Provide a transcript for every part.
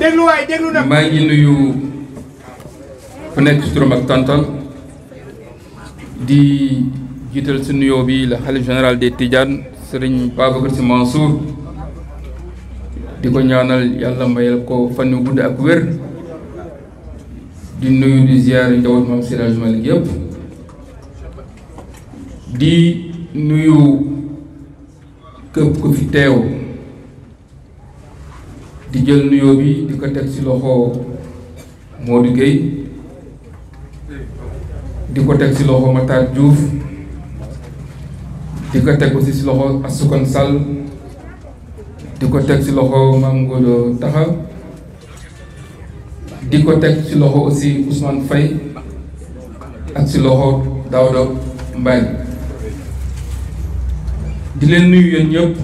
déglu maa ngi nuyu ku nekk ci ak tantan di jiital ci nuyoo bi la xalif général de Tidianes sëriñ Babacar Sy Mansour di ko ñaanal yàlla mayal ko fan yu ak wér di nuyu di ziyaar njaboot maam Seydi Hadji Malick di nuyu képp ku fi teew di jël nuyoo bi di ko teg ci loxo Modou Gueye di ko teg ci loxo Matar juuf di ko teg aussi ci loxo Assoukane Sall di ko teg ci loxo Mame Ngodo Taxa di ko teg ci loxo aussi Ousmane Faye ak ci loxo Daouda Mbaye di leen nuyu yéen ñëpp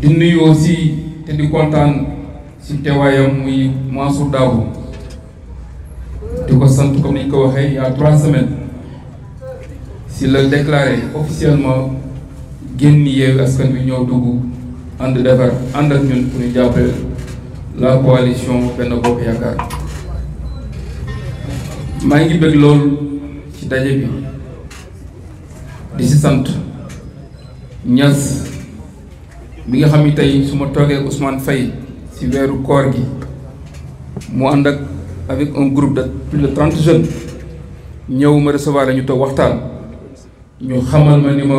di nuyu aussi te di kontaan si teewaayam muy Mansour Dabo di ko sant comme ni ñu ko waxee il y a trois semaines si la déclaré officiellement génn Yewwi Askan Wi ñëw dugg ànd defar ànd ñun pour ñu jàppale la coalition Benno Bokk maa ngi bëgg loolu ci daje bi di si sant Niass mi nga xam ni tey su ma toogee Ousmane Faye si weeru koor gi mu ànd ak avec un groupe de plus de trente jeunes ñëw ma recevoir la ñu toog waxtaan ñu xamal ma ni ma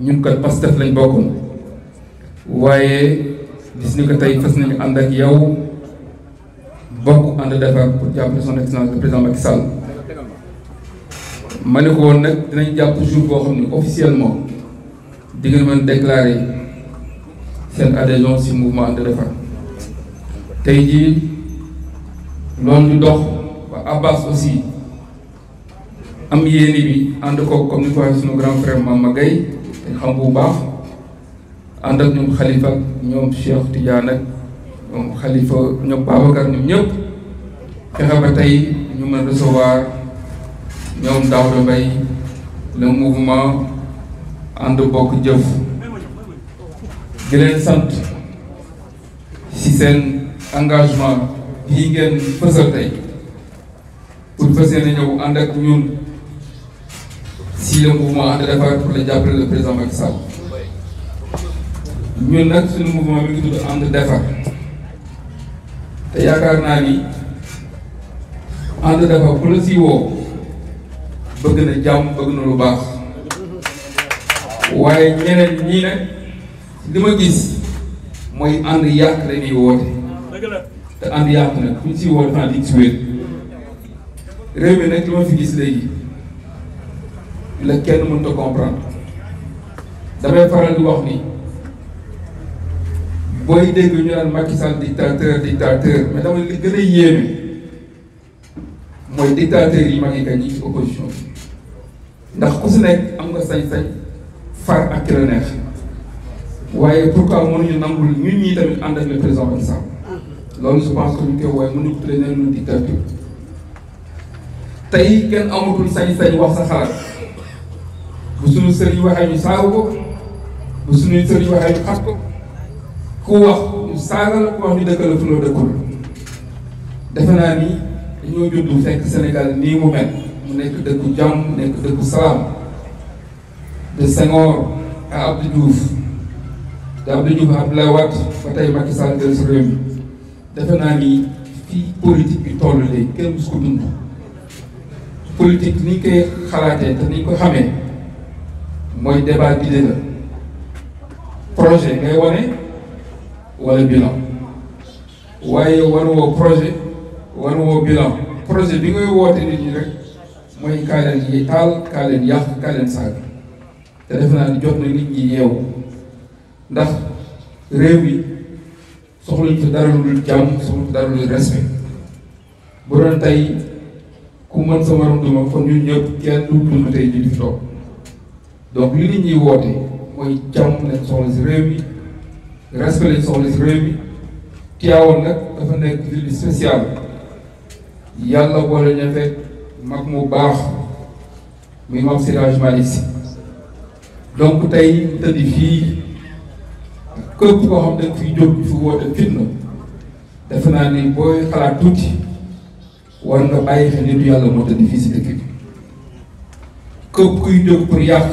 ñun kat Pastef lañ bokkoon waaye gis ni ko tey fas nañu ànd ak yow bokk ànd defar pour jàppale son excellence le ma ne ko woon nag dinañ jàpp jour boo xam ne officiellement di ngeen mën déclarer seen adhésion ci mouvement And Defar tey jii loolu dox ba Abbas aussi am yéene bi ànd ko comme ni ko suñu grand frère Mama Gueye te xam bu baax ànd ak ñoom Khalifa ñoom Cheikh Tidiane ñoom Khalifa ñoom Babacar ba tey ñu mën recevoir ñoom Daouda Mbaye le mouvement ànd bokk jëf di leen sant ci seen engagement yi ngeen fësal tey pour fas yéene ñëw ànd ak ñun si le mouvement ànd defar pour la jàppale le président Macky Sall ñun nag suñu mouvement mi ngi tudd ànd defar te yaakaar naa ni ànd defar ku la si bëgg na jàmm bëgg na lu baax waaye ñeneen ñii nag li ma gis mooy ànd yàq la ñuy woote te ànd yàq nag fu ñu si woote naa di ci ma fi gis léegi la kenn mënut a comprendre damay faral di wax ni booy dégg ñu naan Macky Sall dictateur dictateur mais dama li gën a yéeme mooy dictateur yi ma ngi a ci opposition ndax ku nekk am nga sañ far ak ki waaye pourquoi mënuñu nangul ñun ñii tamit ànd ak le président Macky Sall loolu je pense que ñu koy woowee mënuñu ko traîner lu dictature tey kenn amatul sañ-sañ wax sa xalaat bu suñu sëriñ waxee ñu saaga ko bu suñu sëriñ waxee ñu xat ko ku wax ñu saaga la ku wax ñu dëkkal la fu la dëkkul defe naa ni dañoo juddu fekk Sénégal nii mu mu nekk dëkku jàmm mu nekk dëkku salaam de Senghor à Abdou da Abdou Diouf Abdoulaye Wade defe naa ni fii politique bi toll léegi kenn mus ko dund politique ni ñu koy xalaatee te ko xamee mooy débat d'idée la projet ngay wane wala bilan waaye wan woo projet wan woo bi ngay woote nit ñi rek mooy te defe naa ni jot na nit ñi yeewu ndax réew mi soxluñ fa dara lu dul jàmm soxluñ fa dara lu dul respect bu doon tey ku mën sa morom duma kon ñun ñëpp kenn du dund tey ñu di donc li nit ñuy woote mooy jàmm lañ soxla si réew mi respect lañ soxla si réew mi Tiwaawan nag dafa nekk ville spéciale yàlla boole ñu mag mu baax muy Maam Seydi Hadji Malick donc tey tëddi fii képp koo xam dañ fiy jóg fi woote fitna defe naa ni booy xalaat tuuti war nga bàyyi xel nitu yàlla moo tëdd fii si dëkk kuy jóg pour yàq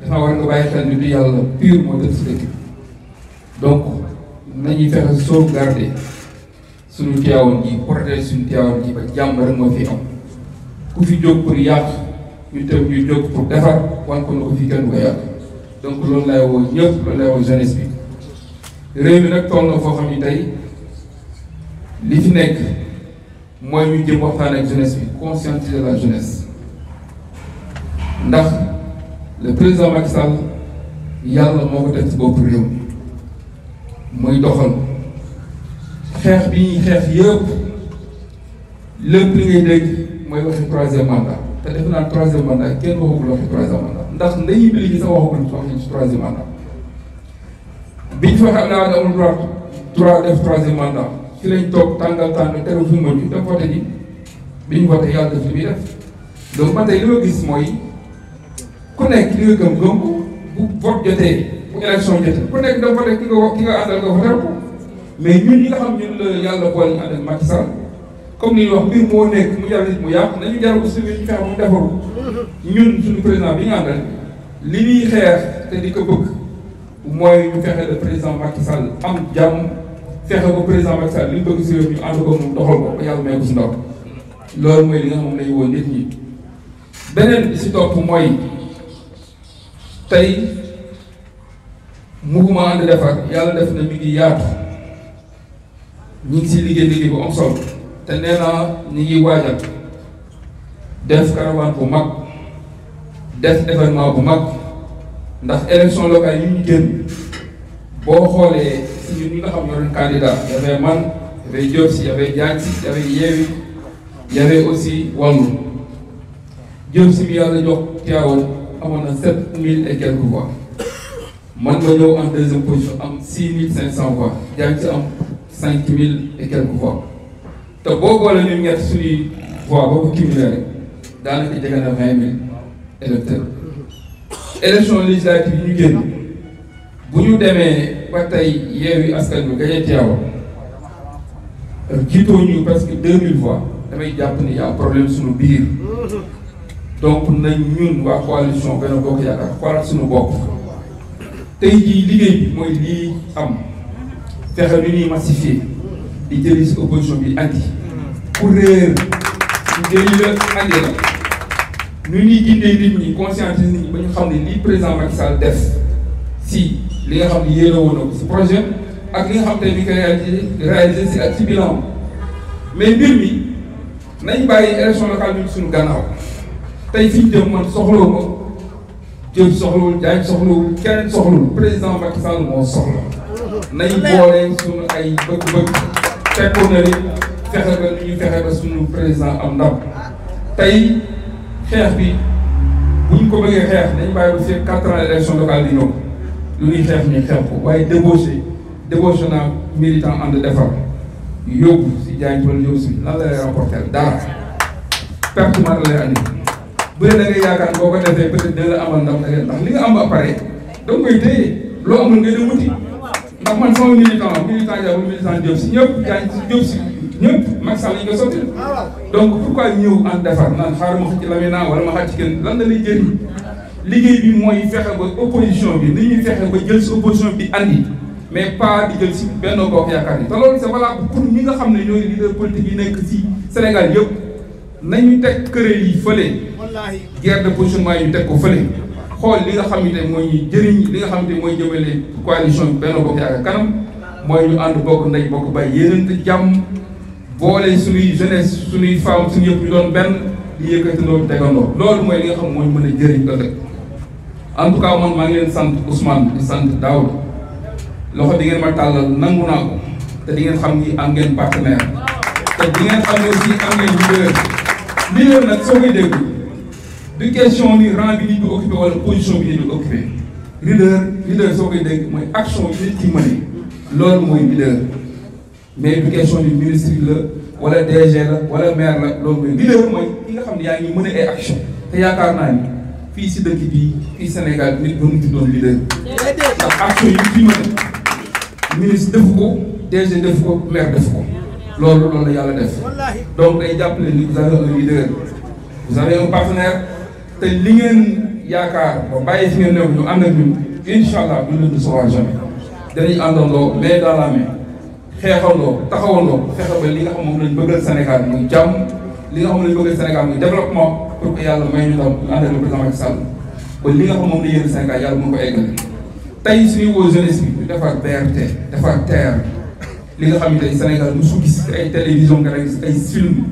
dafa war nga bàyyi xel nitu yàlla pur moo tëdd si dëkk bi donc nañuy fexe sauvegarder suñu teewoon ji protéger suñu teewoon ji ba jàmm rek moo fi am ku fi jóg pour yàq ñu tam ñu jóg pour defar wan ko na ko kenn ko yàq donc loolu lay woo ñëpp loolu lay woo jeunesse réew mi nag toll na foo xam ni tey li fi nekk mooy ñu jëm waxtaan ak jeunesse bi conscientiser la jeunesse ndax le président Macky Sall yàlla moo ko def ci bopp réew muy doxal xeex bi ñuy xeex yëpp lépp li ngay dégg mooy waxi troisième mandat te defe naa troisième mandat kenn waxagul waxi troisième mandat ndax ndeyu li yi sax waxagul waxi troisième mandat. biñ fexe laa ne amul droit trois def troisième mandat ci lañ toog tàngal tàngal teru fu mu ji dem voté biñ voté yàlla def li muy def donc man tey li ma gis mooy ku nekk li nga gëm gëm bu vote jotee bu élection jotee ku nekk dem ki nga ki nga àndal nga ñun ñi nga xam ñun la yàlla boole ñu àndal Macky Sall comme ni ñu wax moo nekk mu jar nit mu yàq nañu jar ko suñu ñu fexe mu defaru ñun suñu président bi ñu àndal li ñuy xeex te di ko bëgg. mooy ñu fexe le président Macky Sall am jàmm fexe ko président Macky Sall li ñu bëgg si réew mi ànd ko moom doxal ko yàlla may ko si ndaw loolu mooy li nga xam woon nit ñi beneen bi si topp mooy tey mouvement ànd defar yàlla def na mi ngi yaatu ñu ngi si liggéey liggéey bu am te nee naa ngi waajal def caravane bu mag def événement bu mag. ndax élection locale yi ñu jën boo xoolee si ñun ñi nga xam ñoo doon candidat y avait man y avait Diop si y avait Diagne aussi Wallu Diop si bi yàlla jox teewoon amoon na sept mille et quelques voix man ma ñëw en deuxième position am six mille cinq cent voix Diagne si am cinq mille et quelques voix te boo boole ñun ñett suñuy voix boo ko cumulé rek daanaka vingt mille électeurs élection législative yi ñu génn bu ñu demee ba tey yeewi askan bi gañe Tivaouane jiitoo ñu presque deux mille voix damay jàpp ni yaa problème suñu biir donc na ñun waa coalition Benno Bokk Yaakaar xoolaat suñu bopp tey jii liggéey bi mooy lii am fexe nu ñuy massifier di jëli si opposition bi andi pour réer ñu jëli la andi la nu ñuy gindee nit ñi conscientiser nit ba ñu xam ne lii président Macky Sall def si li nga xam ne yéene woon na si projet ak li nga xam te ni ñu koy si ak si bilan mais mbir mi nañ bàyyi élection locale bi suñu gannaaw tey fi ñu jëm man soxlawu ma jëm soxlawul jaay soxlawul kenn soxlawul président Macky Sall moo soxla nañ boole suñu ay bëgg-bëgg fekkoon na ni fexe ba nu ñu fexe ba suñu président am ndam tey. xeex bu ko bëggee xeex dañ bàyyi bu fii quatre ans élection locale di ñëw lu ñuy xeex ñu xeex si waaye débauché débauché naa militant ànd defar yóbbu si Diagne Peulh yóbbu si lan la lay rapporter dara perte man lay andi bu dee da ngay yaakaar boo ko defee peut être dina la amal ndam ndax li nga am ba pare da nga koy téye loo amul nga dem wuti ndax man sama militant militant Diagne si ñëpp si. ñëpp Macky Sall yi nga sotti donc pourquoi ñëw ak defar naan xaaral ma xëcc Lamina wala ma xëcc kenn lan na lay jëriñ liggéey bi mooy fexe ba opposition bi ni ñuy fexe ba jël si opposition bi andi mais pas di jël si Benno Bokk Yaakaar yi te loolu c'est valable pour ñi nga xam ne ñooy leader politique yi nekk si Sénégal yëpp nañu teg këréel yi fële guerre de positionnement yi ñu teg ko fële xool li nga xamante ne mooy ñu jëriñ li nga xam ne mooy jëmale coalition bi Benno Bokk Yaakaar kanam mooy ñu ànd bokk ndey bokk bay yéenante boole suñuy jeunesse suñuy femme suñu yëpp ñu doon benn di yëkkatandoo di tegandoo loolu mooy li nga xam mooy mën a jëriñ ëllëg en tout man maa ngi sant Ousmane di sant Daoud loxo di ngeen ma tàllal nangu naa ko te di ngeen xam ni am ngeen partenaire te di ngeen xam ne aussi am ngeen leader leader nag soo koy dégg du question ni rang bi nit ñu occupé wala position bi nit ñu occupé leader leader soo koy dégg mooy action yi nit ci loolu mooy mais du question du ministre la wala DG la wala maire la loolu mooy li léeru mooy ki nga xam ne yaa ngi mën a ay action te yaakaar naa ni fii si dëkk bii fii Sénégal nit ba mu tuddoon leader ndax action yi fi mën a ministre def ko DG def ko maire def ko loolu loolu la yàlla def donc day jàppale ni vous avez un leader vous avez un partenaire te li ngeen yaakaar ba bàyyi fi ngeen new ñu ànd ak ñun incha allah duñ leen di soxla jamais dañuy àndandoo mais dans la main xeexandoo taxawandoo fexe ba li nga xam moom lañ bëggal Sénégal muy jàmm li nga xam lañ bëggal Sénégal muy développement pour que yàlla may ñu tam ànd ak le président Macky Sall ba li nga xam moom la yéen Sénégal yàlla mën ko eggale tey suñu woo jeunesse bi li nga xam ne tey Sénégal mosu gis ay télévision nga gis ay film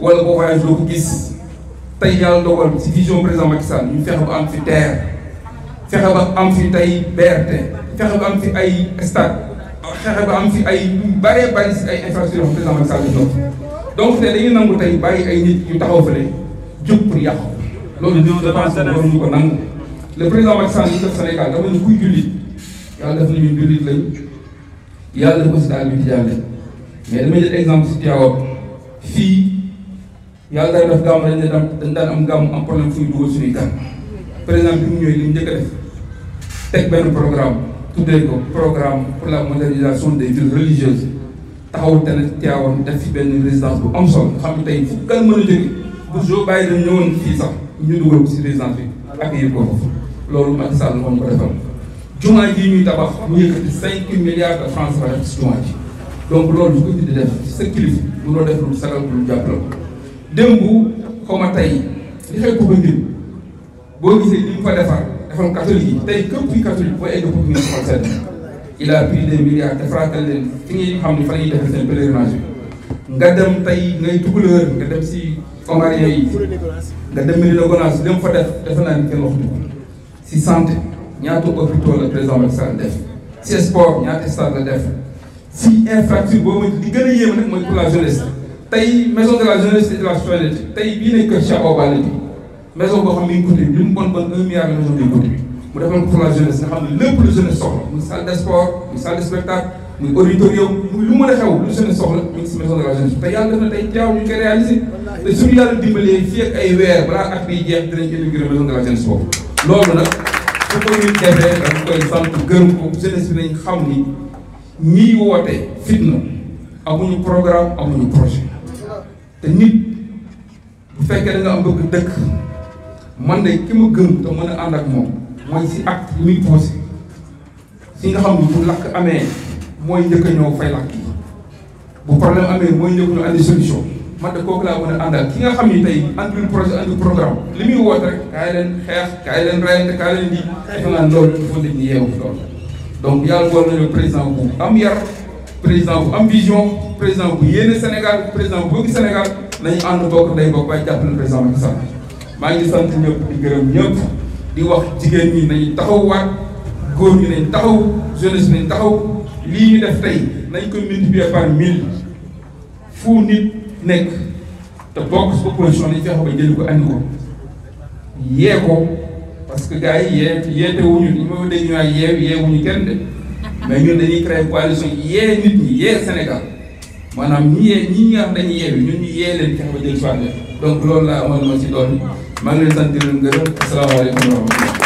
wala boo voyage doo ko gis tey yàlla dogal si vision président Macky Sall ñu fexe ba am fi TER fexe ba am fi tey BRT fexe ba am fi ay stade fexe ba am si ay bëree bëri si ay infrastructures yoo xam président Macky Sall donc te dañuy nangu tey bàyyi ay nit yu taxaw fële jóg pour yàqu loolu je pense que waruñu ko nangu le président Macky Sall ñu def Sénégal dafa ñu kuy jullit yàlla def nañu jullit lañ yàlla def ko si daal bi di jàlle mais damay jël exemple si Tiwaawan fii yàlla day def gàmm dañ dañ daan am gàmm am problème suñu dugal suñuy gan par exemple bi mu ñëwee li mu njëkk a def teg benn programme tuddee ko programme pour la modernisation des villes religieuses taxaw te ne Tivaouane def ci benn résidence bu am solo xam ne tey fu kan mën a jóge bu jo bàyyi dañ ñëwoon fii sax ñu dugal ko si résidence bi ak yëpp ko foofu loolu Macky Sall moom ko defal jumaa ji ñuy tabax mu yëkkati cinq milliards de francs CFA jumaa ji donc loolu su ko di def sa kilifa mënoo def lu sagal lu jàppale ko démb xaw tey li xew ko ba ngir boo gisee li mu fa defar francs catholiques yi tey képp kuy catholique boo eggee foofu nga soxal seen il a pris des milliards defaratal leen fi ngay xam ne fa la ñuy defee seen pèlerinage bi nga dem tey ngay dugaleur nga dem si Comariens yi nga dem Médina Gounass li mu fa def defe naa ni kenn waxtu si santé ñaata hôpitaux la président Macky def si sport ñaata stade la def si infrastructure boobu li gën a yéeme nag mooy pour la jeunesse tey maison de la jeunesse et de la tey bii ne kër Cheikh maison boo xam ne mi ngi coûté li mu bon bon un milliard la maison day coûté mu defal ko pour la jeunesse nga xam ne lépp lu jeunesse soxla muy salle de sport muy salle de spectacle muy auditorium muy lu mën a xew lu jeunesse soxla mu ngi si maison de la jeunesse te yàlla def na tey jaaw ñu koy réalisé te suñu yàlla dimbalee fii ak ay weer balaa at biy jeex dinañ inauguré maison de la jeunesse boobu loolu nag su ko ñuy defee dañ koy sant gërëm ko jeunesse bi nañ xam ni ñiy woote fitna amuñu programme amuñu projet te nit bu fekkee da nga am bëgg dëkk man de ki ma gëm te mën a ànd ak moom mooy si ak yi muy posé si nga xam ne bu lakk amee mooy njëkk a ñëw fay lakk bu problème amee mooy njëkk ñëw andi solution man de kooku laa mën a àndal ki nga xam ni tey andul projet andul li muy woote rek kaay leen xeex kaay leen reyante kaay leen di dafa naan am yar président am vision président bu yéene Sénégal président bu bëgg Sénégal nañu ànd bokk day bokk bay jàppale président Macky Sall maa ngi sant ñëpp di gërëm ñëpp di wax jigéen ñi nañu taxawwaat góor ñi nañ taxaw jeunesse nañ taxaw lii ñu def tey nañ ko multiplier par mille fu nit nekk te bokk su opposition nañ fexe ba jëli ko andi ko yee ko parce que gars yi yee yeete wuñu li ma dégg ñu naan yee yee wuñu kenn de mais ñun dañuy créer coalition yee nit ñi yee Sénégal maanaam ñi yee ñi nga xam yee ñun ñu yee leen fexe ba jëli fànn donc loolu laa amoon ma ci doon. maa ngi leen sant di leen gërëm asalaamaaleykum wa rahmatulah